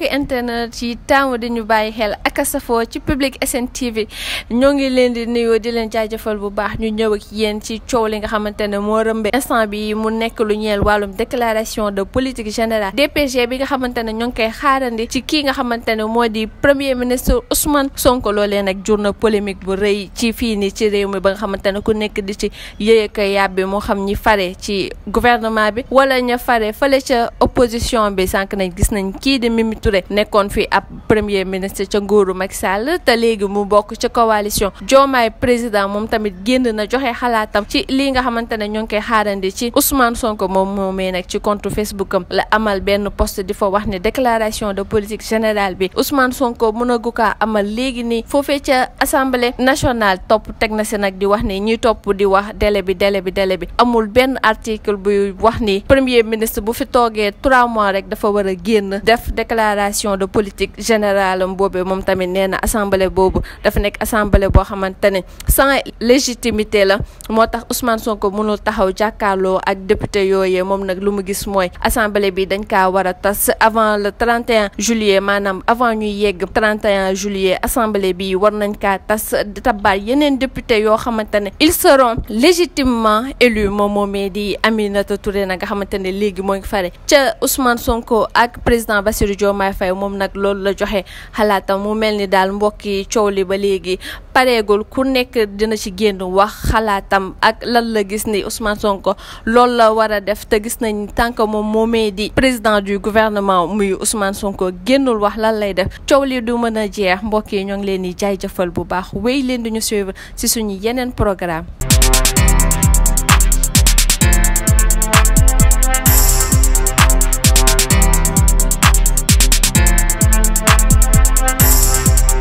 mbokki internet yi taamu di ñu bàyyi xel ak safoo ci Public SN TV ñoo ngi leen di nuyoo di leen jaajëfal bu baax ñu ñëw ak yéen ci coow li nga xamante ne moo rëmbee instant bi mu nekk lu ñeel wàllum déclaration de politique générale DPG bi nga xamante ne ñoo ngi koy xaarandi ci kii nga xamante ne moo di premier ministre Ousmane Sonko loolee nag jur na polémique bu rëy ci fii nii ci réew mi ba nga xamante ne ku nekk di ci yëye ko yàbbi moo xam ñi fare ci gouvernement bi wala ña Touré nekkoon fi ab premier ministre ca nguuru Macky Sall te léegi mu bokk ca coalition joomaay président moom tamit génn na joxe xalaatam ci lii nga xamante ne ñoo ngi koy xaarandi ci Ousmane Sonko moom moomee nag ci compte Facebook am la amal benn post di fa wax ne déclaration de politique générale bi Ousmane Sonko mën a gu kaa amal léegi nii foofee ca assemblée nationale topp teg na si nag di wax ni ñuy topp di wax délai bi délai bi délai bi amul benn article buy wax ni premier ministre bu fi toogee trois mois rek dafa war a génn de politique générale boobu mom tamit néna assemblée bobu dafa nek assemblée bo xamante sans légitimité la motax Ousmane Sonko mënul taxaw jakarlo ak député yoyé mom nak lu gis moy assemblée bi dañ ka wara tass avant le 31 juillet manam avant ñuy yegg 31 juillet assemblée bi war nañ ka tas tabaat yenen député yo xamante ils seront légitimement élus mom moomee di Aminata Touré nga xamante légui léegi ngi Ousmane Sonko ak président Bassirou Diomaye Diomaye Faye moom nag loolu la joxe xalaatam mu mel ni daal mbokk yi coow li ba léegi pareegul ku nekk dina ci génn wax xalaatam ak lan la gis ni Ousmane Sonko loolu la war a def te gis nañ tant moom moomee di président du gouvernement muy usmaan Sonko génnul wax lan lay def coow li du mën a jeex mbokk yi ñoo ngi leen di jëfal bu baax wéy leen di ñu suivre ci suñu yeneen programme